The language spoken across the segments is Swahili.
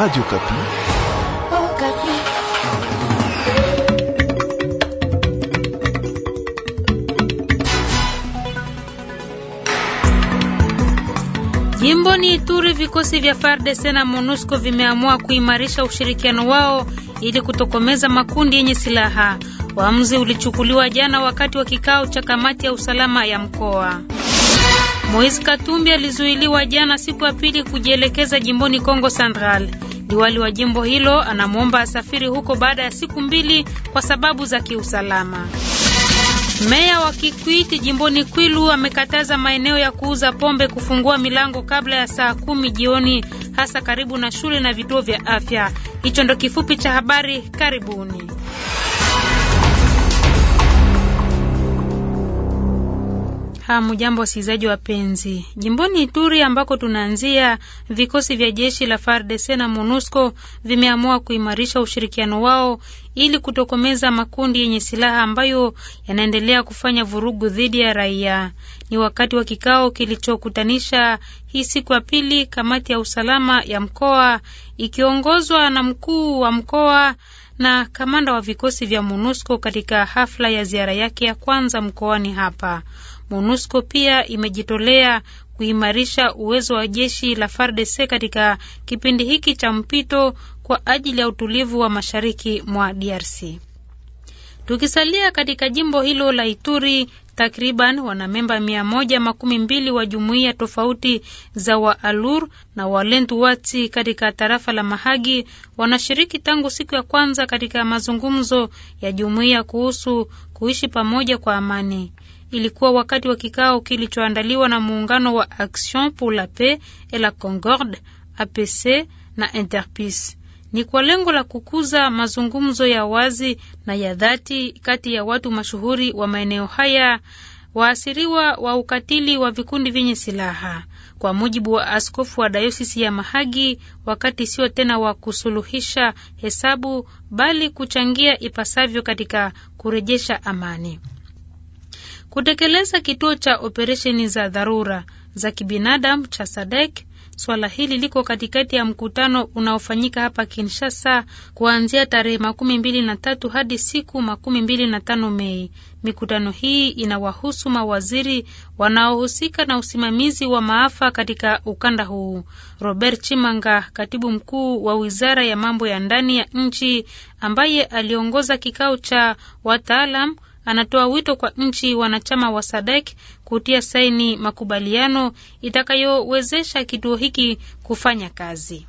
Radio Kapi. Oh, Kapi. Jimboni Ituri vikosi vya FARDC na MONUSCO vimeamua kuimarisha ushirikiano wao ili kutokomeza makundi yenye silaha. Uamuzi ulichukuliwa jana wakati wa kikao cha kamati ya usalama ya mkoa. Moise Katumbi alizuiliwa jana siku ya pili kujielekeza jimboni Kongo Central. Liwali wa jimbo hilo anamwomba asafiri huko baada ya siku mbili kwa sababu za kiusalama. Meya wa Kikwiti jimboni Kwilu amekataza maeneo ya kuuza pombe kufungua milango kabla ya saa kumi jioni hasa karibu na shule na vituo vya afya. Hicho ndo kifupi cha habari. Karibuni. Hamujambo wasikilizaji wapenzi. Jimboni Ituri ambako tunaanzia, vikosi vya jeshi la FARDC na MONUSCO vimeamua kuimarisha ushirikiano wao ili kutokomeza makundi yenye silaha ambayo yanaendelea kufanya vurugu dhidi ya raia. Ni wakati wa kikao kilichokutanisha hii siku ya pili kamati ya usalama ya mkoa ikiongozwa na mkuu wa mkoa na kamanda wa vikosi vya MONUSCO katika hafla ya ziara yake ya kwanza mkoani hapa. MONUSCO pia imejitolea kuimarisha uwezo wa jeshi la FARDC katika kipindi hiki cha mpito kwa ajili ya utulivu wa mashariki mwa DRC. Tukisalia katika jimbo hilo la Ituri, takriban wanamemba mia moja makumi mbili wa jumuiya tofauti za Waalur na Walendu katika tarafa la Mahagi wanashiriki tangu siku ya kwanza katika mazungumzo ya jumuiya kuhusu kuishi pamoja kwa amani ilikuwa wakati wa kikao kilichoandaliwa na muungano wa Action pour la Paix et la Concorde APC na Interpeace. Ni kwa lengo la kukuza mazungumzo ya wazi na ya dhati kati ya watu mashuhuri wa maeneo haya waasiriwa wa ukatili wa vikundi vyenye silaha. Kwa mujibu wa askofu wa dayosisi ya Mahagi, wakati sio tena wa kusuluhisha hesabu, bali kuchangia ipasavyo katika kurejesha amani kutekeleza kituo cha operesheni za dharura za kibinadamu cha sadek Swala hili liko katikati ya mkutano unaofanyika hapa Kinshasa kuanzia tarehe makumi mbili na tatu hadi siku makumi mbili na tano Mei. Mikutano hii inawahusu mawaziri wanaohusika na usimamizi wa maafa katika ukanda huu. Robert Chimanga, katibu mkuu wa wizara ya mambo ya ndani ya nchi, ambaye aliongoza kikao cha wataalam anatoa wito kwa nchi wanachama wa SADC kutia saini makubaliano itakayowezesha kituo hiki kufanya kazi.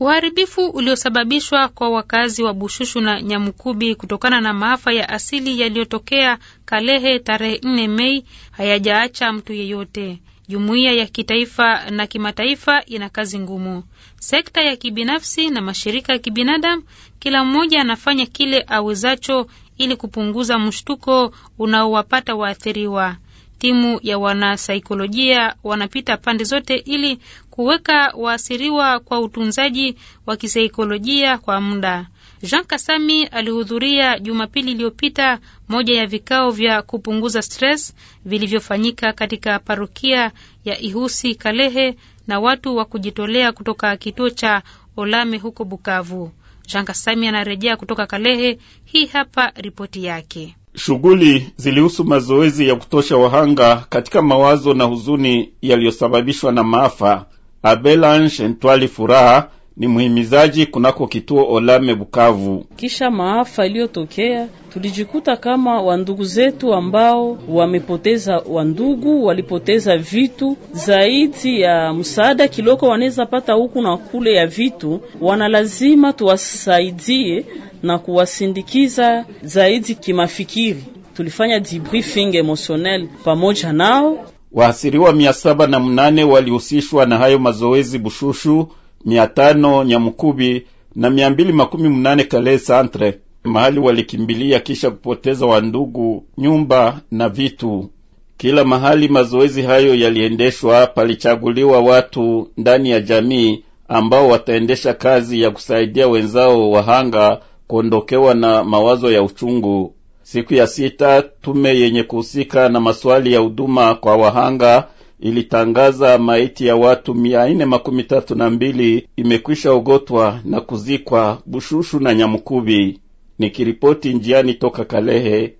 Uharibifu uliosababishwa kwa wakazi wa Bushushu na Nyamukubi kutokana na maafa ya asili yaliyotokea Kalehe tarehe nne Mei hayajaacha mtu yeyote. Jumuiya ya kitaifa na kimataifa ina kazi ngumu. Sekta ya kibinafsi na mashirika ya kibinadamu, kila mmoja anafanya kile awezacho ili kupunguza mshtuko unaowapata waathiriwa. Timu ya wanasaikolojia wanapita pande zote ili kuweka waasiriwa kwa utunzaji wa kisaikolojia kwa muda. Jean Kasami alihudhuria Jumapili iliyopita moja ya vikao vya kupunguza stress vilivyofanyika katika parokia ya Ihusi Kalehe na watu wa kujitolea kutoka kituo cha Olame huko Bukavu. Changa Sami anarejea kutoka Kalehe. Hii hapa ripoti yake. Shughuli zilihusu mazoezi ya kutosha wahanga katika mawazo na huzuni yaliyosababishwa na maafa. Abelange Ntwali Furaha ni mhimizaji kunako kituo Olame Bukavu. Kisha maafa iliyotokea, tulijikuta kama wandugu zetu ambao wamepoteza wandugu, walipoteza vitu zaidi ya msaada kiloko wanaweza pata huku na kule ya vitu, wana lazima tuwasaidie na kuwasindikiza zaidi kimafikiri. Tulifanya debriefing emotionel pamoja nao. Waasiriwa mia saba na mnane walihusishwa na hayo mazoezi bushushu mia tano Nyamukubi na mia mbili makumi mnane Kale Santre, mahali walikimbilia kisha kupoteza wandugu, nyumba na vitu. Kila mahali mazoezi hayo yaliendeshwa, palichaguliwa watu ndani ya jamii ambao wataendesha kazi ya kusaidia wenzao wahanga kuondokewa na mawazo ya uchungu. Siku ya sita, tume yenye kuhusika na maswali ya huduma kwa wahanga ilitangaza maiti ya watu mia nne makumi tatu na mbili imekwisha ogotwa na kuzikwa Bushushu na Nyamukubi. Nikiripoti njiani toka Kalehe,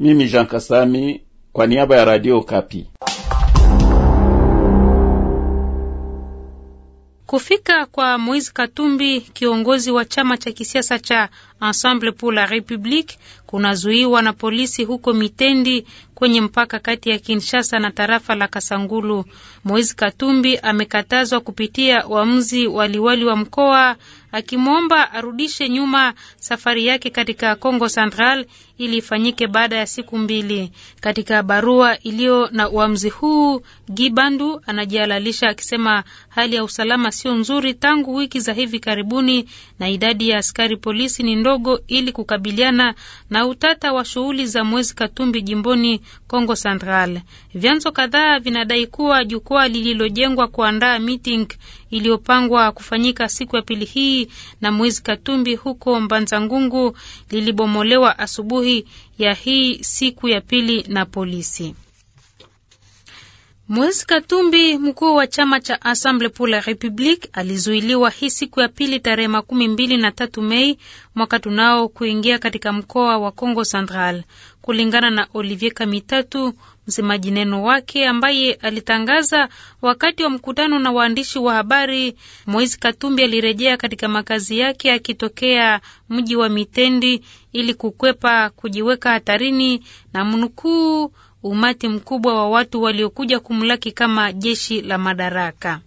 mimi Jean Kasami kwa niaba ya Radio Kapi. Kufika kwa Moise Katumbi, kiongozi wa chama cha kisiasa cha Ensemble pour la République kunazuiwa na polisi huko Mitendi kwenye mpaka kati ya Kinshasa na tarafa la Kasangulu. Moise Katumbi amekatazwa kupitia uamuzi wa liwali wa mkoa akimwomba arudishe nyuma safari yake katika Congo Central ili ifanyike baada ya siku mbili. Katika barua iliyo na uamuzi huu, Gibandu anajihalalisha akisema hali ya usalama sio nzuri tangu wiki za hivi karibuni na idadi ya askari polisi ni ndogo ili kukabiliana na utata wa shughuli za mwezi Katumbi jimboni congo Central. Vyanzo kadhaa vinadai kuwa jukwaa lililojengwa kuandaa meeting iliyopangwa kufanyika siku ya pili hii na mwezi Katumbi huko Mbanza Ngungu lilibomolewa asubuhi ya hii siku ya pili na polisi. Moise Katumbi, mkuu wa chama cha Assemble pour la Republique, alizuiliwa hii siku ya pili tarehe makumi mbili na tatu Mei mwaka tunao kuingia katika mkoa wa Congo Central, kulingana na Olivier Kamitatu, msemaji neno wake ambaye alitangaza wakati wa mkutano na waandishi wa habari. Moise Katumbi alirejea katika makazi yake akitokea mji wa Mitendi ili kukwepa kujiweka hatarini na mnukuu umati mkubwa wa watu waliokuja kumlaki kama jeshi la madaraka.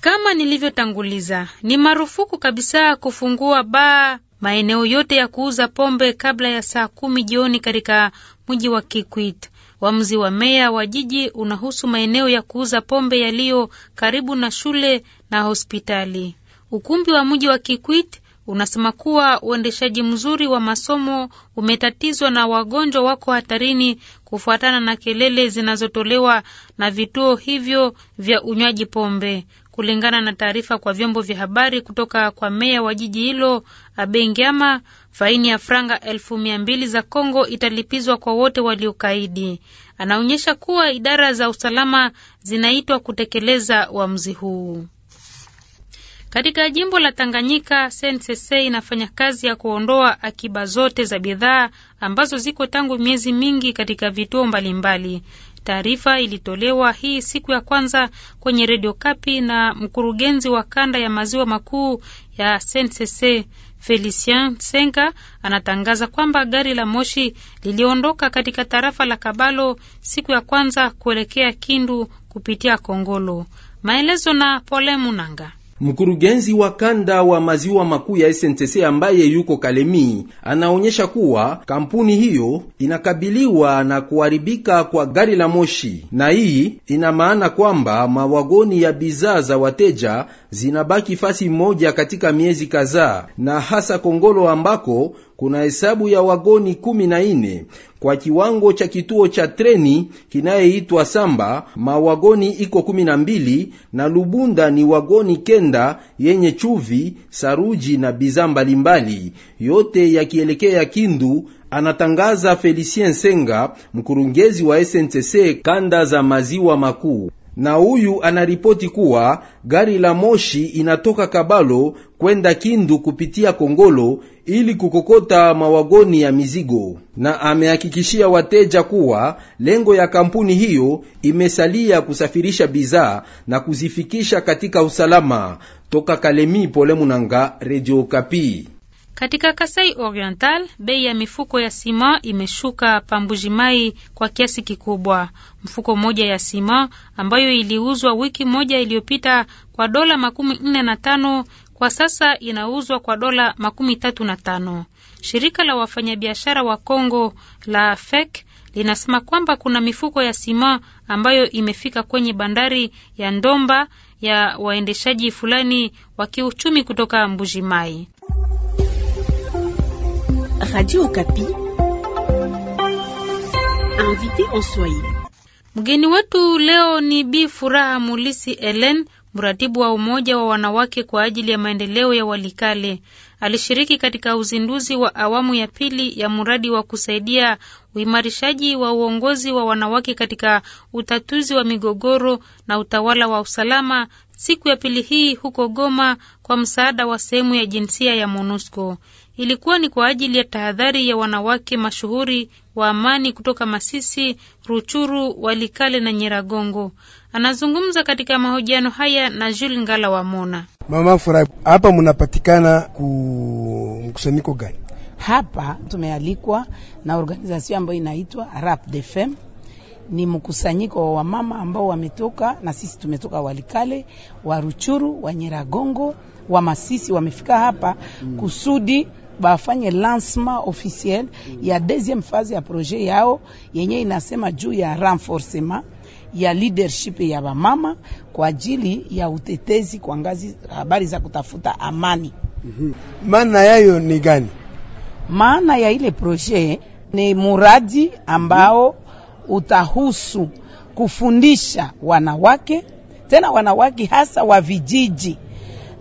Kama nilivyotanguliza, ni marufuku kabisa kufungua baa, maeneo yote ya kuuza pombe kabla ya saa kumi jioni katika mji wa Kikwit. Uamuzi wa meya wa jiji unahusu maeneo ya kuuza pombe yaliyo karibu na shule na hospitali. Ukumbi wa mji wa Kikwit unasema kuwa uendeshaji mzuri wa masomo umetatizwa na wagonjwa wako hatarini kufuatana na kelele zinazotolewa na vituo hivyo vya unywaji pombe. Kulingana na taarifa kwa vyombo vya habari kutoka kwa meya wa jiji hilo Abengiama, faini ya franga elfu mia mbili za Kongo italipizwa kwa wote waliokaidi. Anaonyesha kuwa idara za usalama zinaitwa kutekeleza uamuzi huu. Katika jimbo la Tanganyika, SNCC inafanya kazi ya kuondoa akiba zote za bidhaa ambazo ziko tangu miezi mingi katika vituo mbalimbali. Taarifa ilitolewa hii siku ya kwanza kwenye redio Kapi na mkurugenzi wa kanda ya maziwa makuu ya SNCC Felicien Senga anatangaza kwamba gari la moshi liliondoka katika tarafa la Kabalo siku ya kwanza kuelekea Kindu kupitia Kongolo. Maelezo na Pole Munanga. Mkurugenzi wa kanda wa maziwa makuu ya SNTC ambaye yuko Kalemi anaonyesha kuwa kampuni hiyo inakabiliwa na kuharibika kwa gari la moshi, na hii ina maana kwamba mawagoni ya bidhaa za wateja zinabaki fasi moja katika miezi kadhaa, na hasa Kongolo ambako kuna hesabu ya wagoni kumi na kwa kiwango cha kituo cha treni kinayeitwa Samba. Mawagoni iko kumi na mbili na Lubunda ni wagoni kenda yenye chuvi, saruji na bidhaa mbalimbali, yote yakielekea Kindu. Anatangaza Felicien Senga, mkurugenzi wa SNTC kanda za maziwa makuu na huyu anaripoti kuwa gari la moshi inatoka Kabalo kwenda Kindu kupitia Kongolo ili kukokota mawagoni ya mizigo, na amehakikishia wateja kuwa lengo ya kampuni hiyo imesalia kusafirisha bidhaa na kuzifikisha katika usalama. Toka Kalemi, Pole Munanga, Radio Kapi. Katika Kasai Oriental, bei ya mifuko ya sima imeshuka Pambujimai kwa kiasi kikubwa. Mfuko moja ya sima ambayo iliuzwa wiki moja iliyopita kwa dola makumi nne na tano kwa sasa inauzwa kwa dola makumi tatu na tano. Shirika la wafanyabiashara wa congo la FEC linasema kwamba kuna mifuko ya sima ambayo imefika kwenye bandari ya Ndomba ya waendeshaji fulani wa kiuchumi kutoka Mbujimai. Radio Okapi. Invité en Swahili. Mgeni wetu leo ni Bi Furaha Mulisi Ellen, mratibu wa umoja wa wanawake kwa ajili ya maendeleo ya Walikale. Alishiriki katika uzinduzi wa awamu ya pili ya mradi wa kusaidia uimarishaji wa uongozi wa wanawake katika utatuzi wa migogoro na utawala wa usalama siku ya pili hii huko Goma kwa msaada wa sehemu ya jinsia ya MONUSCO ilikuwa ni kwa ajili ya tahadhari ya wanawake mashuhuri wa amani kutoka Masisi, Ruchuru, Walikale na Nyiragongo. Anazungumza katika mahojiano haya na Jules Ngala wa Mona. Mama Furaha, hapa mnapatikana ku mkusanyiko gani? Hapa tumealikwa na organization ambayo inaitwa Rap de Fem. ni mkusanyiko wa wamama ambao wametoka na sisi tumetoka Walikale, wa Ruchuru, wa Nyiragongo, wa Masisi wamefika hapa mm. kusudi bafanye lancement officiel ya deuxième phase ya projet yao yenye inasema juu ya renforcement ya leadership ya bamama kwa ajili ya utetezi kwa ngazi habari za kutafuta amani. Mm-hmm. Maana yayo ni gani? Maana ya ile projet ni muradi ambao utahusu kufundisha wanawake, tena wanawake hasa wa vijiji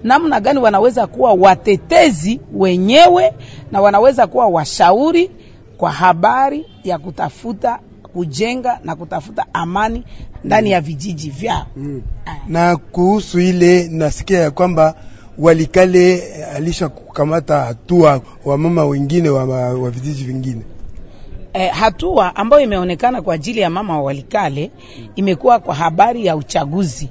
namna gani wanaweza kuwa watetezi wenyewe na wanaweza kuwa washauri kwa habari ya kutafuta kujenga na kutafuta amani ndani mm. ya vijiji vyao mm. Eh. Na kuhusu ile nasikia ya kwamba Walikale eh, alisha kukamata hatua wa mama wengine wa, wa vijiji vingine e, hatua ambayo imeonekana kwa ajili ya mama wa Walikale mm. imekuwa kwa habari ya uchaguzi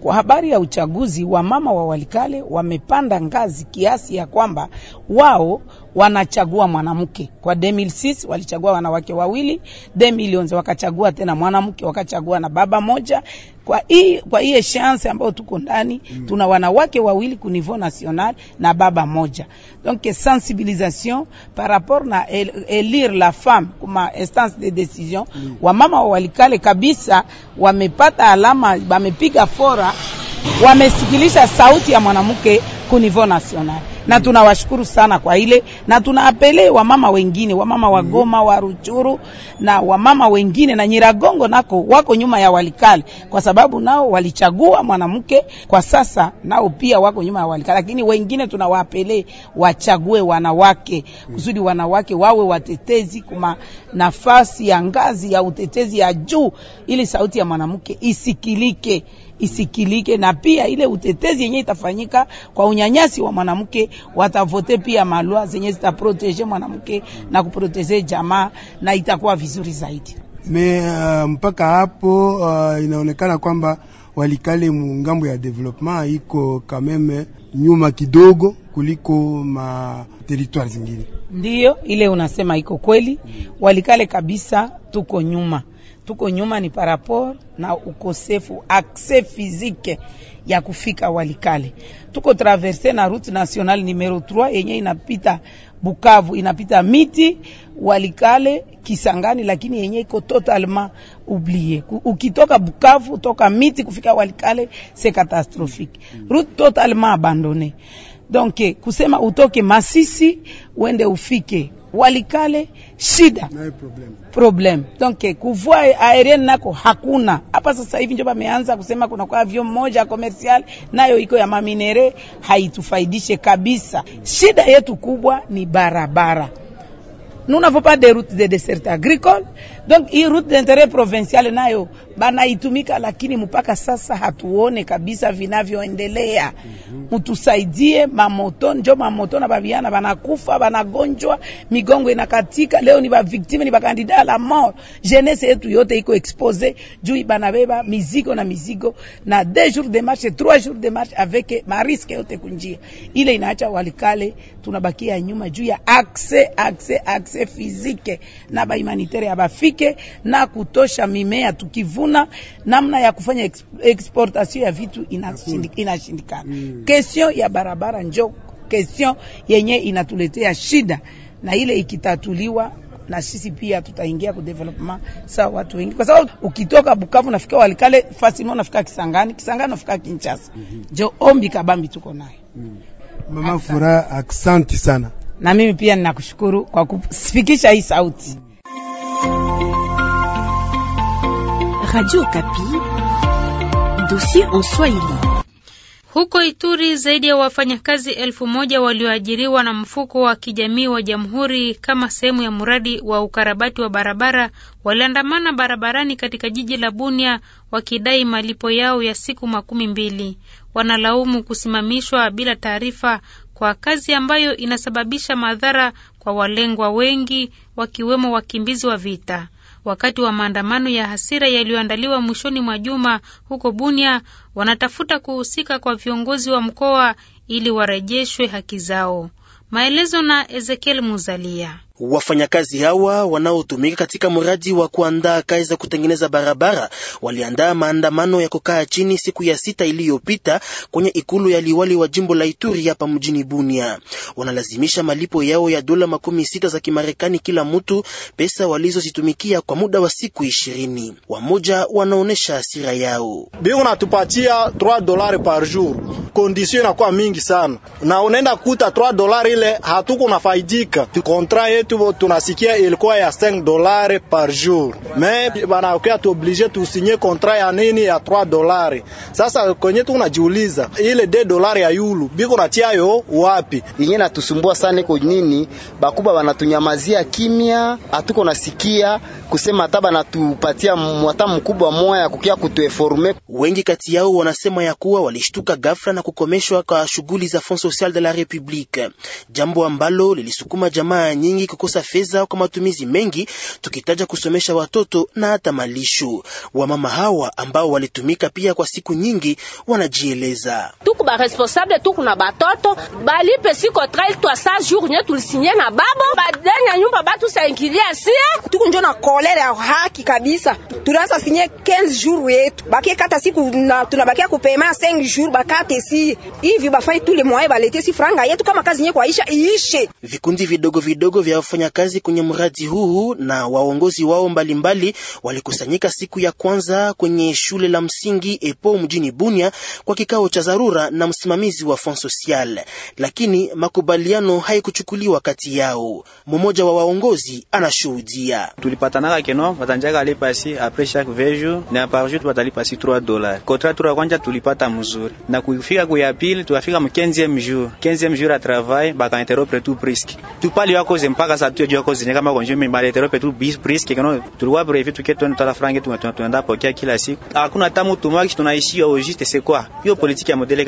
kwa habari ya uchaguzi, wamama wa Walikale wamepanda ngazi kiasi ya kwamba wao wanachagua mwanamke. Kwa 2006 walichagua wanawake wawili, 2011 wakachagua tena mwanamke, wakachagua na baba moja. Kwa hii kwa hii chance ambayo tuko ndani mm. tuna wanawake wawili ku niveau national na baba moja. Donc sensibilisation par rapport na elire la femme kuma instance de decision mm. wamama walikale kabisa, wamepata alama, wamepiga fora, wamesikilisha sauti ya mwanamke ku niveau national na tunawashukuru sana kwa ile, na tunaapele wamama wengine, wamama wa mhm. Goma, wa Ruchuru na wamama wengine na Nyiragongo nako wako nyuma ya Walikale, kwa sababu nao walichagua mwanamke kwa sasa, nao pia wako nyuma ya Walikale, lakini wengine tunawaapele wachague wanawake mhm. kusudi wanawake wawe watetezi kuma nafasi ya ngazi ya utetezi ya juu, ili sauti ya mwanamke isikilike isikilike, na pia ile utetezi yenye itafanyika kwa unyanyasi wa mwanamke, watavote pia malwa zenye zitaproteje mwanamke na kuproteje jamaa, na itakuwa vizuri zaidi. Me uh, mpaka hapo uh, inaonekana kwamba walikale mungambo ya development iko kameme nyuma kidogo kuliko ma territoire zingine. Ndiyo ile unasema iko kweli, walikale kabisa tuko nyuma tuko nyuma ni parapor na ukosefu akse fizike ya kufika Walikale. Tuko traverse na route nationale numero 3 yenye inapita Bukavu, inapita miti Walikale Kisangani, lakini yenye iko totalement oublié. Ukitoka Bukavu toka miti kufika Walikale c'est catastrophique, route totalement abandonnée. Donc eh, kusema utoke Masisi uende ufike Walikale shida problem. Problem donc kuvua aerienne nako hakuna hapa sasa hivi, ndio bameanza kusema kuna kwa avion moja commercial nayo iko ya maminere, haitufaidishe kabisa. Shida yetu kubwa ni barabara nous n'avons pas de route de dessert agricole. Donc hii route d'interet provincial nayo banaitumika, lakini mpaka sasa hatuone kabisa vinavyoendelea. Mtusaidie, mhm. Mamoto njo mamoto na babiana banakufa banagonjwa, migongo inakatika, leo ni baviktime ni bakandida la mort. Jeunesse yetu yote iko expose juu banabeba mizigo na mizigo na deux jours de marche trois jours de marche avec mariske yote kunjia ile inaacha walikale tunabakia nyuma juu ya accès accès accès akse fizike na bahumanitaire bafike na kutosha mimea tukivuna, namna ya kufanya exportation ya vitu inashindikana. Mm. Kestion ya barabara njo kestion yenye inatuletea shida, na ile ikitatuliwa na sisi pia tutaingia ku development sawa watu wengi, kwa sababu ukitoka Bukavu nafika Walikale fasimo, nafika Kisangani, Kisangani nafika Kinshasa. mm -hmm. Jo ombi kabambi tuko naye. mm. Mama Furaha, asante sana na mimi pia ninakushukuru kwa kufikisha hii sauti. Radio Kapi, dossier en Swahili. Huko Ituri zaidi ya wafanyakazi elfu moja walioajiriwa na mfuko wa kijamii wa Jamhuri kama sehemu ya mradi wa ukarabati wa barabara waliandamana barabarani katika jiji la Bunia wakidai malipo yao ya siku makumi mbili. Wanalaumu kusimamishwa bila taarifa kwa kazi ambayo inasababisha madhara kwa walengwa wengi wakiwemo wakimbizi wa vita. Wakati wa maandamano ya hasira yaliyoandaliwa mwishoni mwa juma huko Bunia, wanatafuta kuhusika kwa viongozi wa mkoa ili warejeshwe haki zao. Maelezo na Ezekiel Muzalia. Wafanyakazi hawa wanaotumika katika mradi wa kuandaa kazi za kutengeneza barabara waliandaa maandamano ya kukaa chini siku ya sita iliyopita kwenye ikulu ya liwali wa jimbo la Ituri hapa mjini Bunia. Wanalazimisha malipo yao ya dola makumi sita za Kimarekani kila mtu, pesa walizozitumikia kwa muda wa siku ishirini. Wamoja wanaonyesha hasira yao. Biko natupatia 3 dolari par jour, kondisio inakuwa mingi sana na unaenda kuta 3 dolari ile hatuko nafaidika kontra yetu vitu tunasikia ilikuwa ya 5 dolari par jour, me banakuwa tuoblige tusinye kontra ya nini ya 3 dolari. Sasa kwenye tunajiuliza ile de dolari ya yulu biko natia yo wapi? Yenye natusumbua sana iko nini, bakuba banatunyamazia kimya, hatuko nasikia kusema hata banatupatia mwata mkubwa moya kukia kutueforme. Wengi kati yao wanasema ya kuwa walishtuka ghafla na kukomeshwa kwa shughuli za Fond Social de la République, jambo ambalo lilisukuma jamaa nyingi kukosa fedha kwa matumizi mengi, tukitaja kusomesha watoto na hata malisho. Wamama hawa ambao walitumika pia kwa siku nyingi wanajieleza tuku ba responsable tuku na batoto balipe siko nye tulisinye na babo nyumba batu saingilia sia tuku njo na ya haki kabisa. Tunaanza 15 jours yetu bakie kata siku na tunabakia kupema 5 jours bakate si hivi bafai tule mwae balete si franga yetu kama kazi nye kwaisha iishe. Vikundi vidogo vidogo vya wanaofanya kazi kwenye mradi huu na waongozi wao mbalimbali walikusanyika siku ya kwanza kwenye shule la msingi Epo mjini Bunia kwa kikao cha dharura na msimamizi wa Fond Social, lakini makubaliano haikuchukuliwa kati yao. Mmoja wa waongozi anashuhudia: tulipatanaka keno watanjaka apres chaque na par jour 3 dola kontra tura kwanja tulipata mzuri na kufika kuya pili a travail tupali mpaka saa tujue yako zine kama konjo mbali petu bis priske kono tulikuwa brevi tuketo ni tala frangi tuma pokea kila siku hakuna hata mtu mwaki tunaishi hiyo politiki ya modele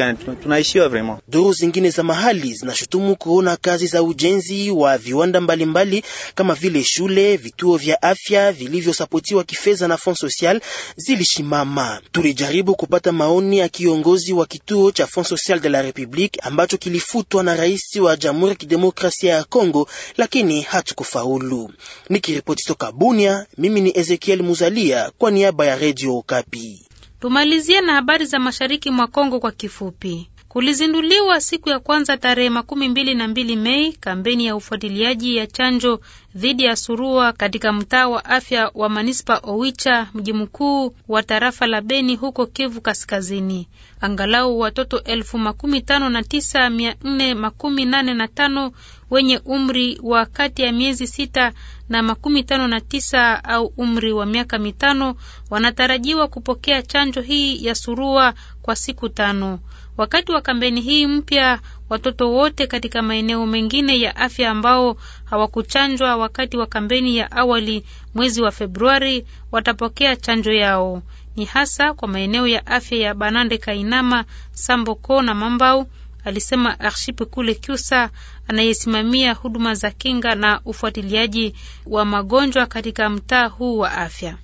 vraiment. Duru zingine za mahali zinashutumu kuona kazi za ujenzi wa viwanda mbalimbali mbali, kama vile shule, vituo vya afya vilivyosapotiwa kifedha na fond social zilishimama. Tulijaribu kupata maoni ya kiongozi wa kituo cha Fond Social de la Republique ambacho kilifutwa na rais wa Jamhuri ya Kidemokrasia ya congo lakini lakini hatukufaulu. Nikiripoti toka Bunia, mimi ni Ezekiel Muzalia kwa niaba ya Redio Okapi. Tumalizie na habari za mashariki mwa Kongo kwa kifupi. Kulizinduliwa siku ya kwanza tarehe makumi mbili na mbili Mei kampeni ya ufuatiliaji ya chanjo dhidi ya surua katika mtaa wa afya wa manispa Owicha, mji mkuu wa tarafa la Beni huko Kivu Kaskazini. Angalau watoto elfu makumi tano na tisa mia nne makumi nane na tano wenye umri wa kati ya miezi sita na makumi tano na tisa au umri wa miaka mitano wanatarajiwa kupokea chanjo hii ya surua kwa siku tano. Wakati wa kampeni hii mpya, watoto wote katika maeneo mengine ya afya ambao hawakuchanjwa wakati wa kampeni ya awali mwezi wa Februari watapokea chanjo yao. Ni hasa kwa maeneo ya afya ya Banande, Kainama, Samboko na Mambau alisema Arship Kule Kyusa anayesimamia huduma za kinga na ufuatiliaji wa magonjwa katika mtaa huu wa afya.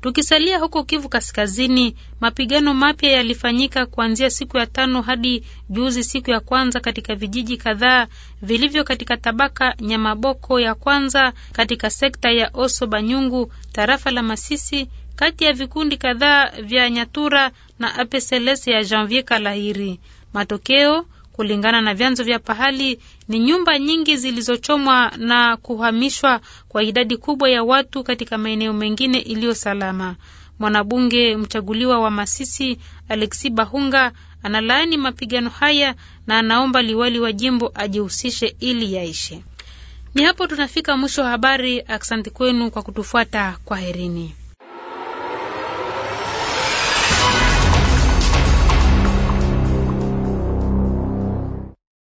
Tukisalia huko Kivu Kaskazini, mapigano mapya yalifanyika kuanzia siku ya tano hadi juzi siku ya kwanza katika vijiji kadhaa vilivyo katika tabaka Nyamaboko ya kwanza katika sekta ya Oso Banyungu, tarafa la Masisi, kati ya vikundi kadhaa vya Nyatura na Apeseles ya Janvier Kalahiri. Matokeo kulingana na vyanzo vya pahali ni nyumba nyingi zilizochomwa na kuhamishwa kwa idadi kubwa ya watu katika maeneo mengine iliyo salama. Mwanabunge mchaguliwa wa Masisi Alexi Bahunga analaani mapigano haya na anaomba liwali wa jimbo ajihusishe ili yaishe. Ni hapo tunafika mwisho wa habari. Asante kwenu kwa kutufuata. Kwaherini.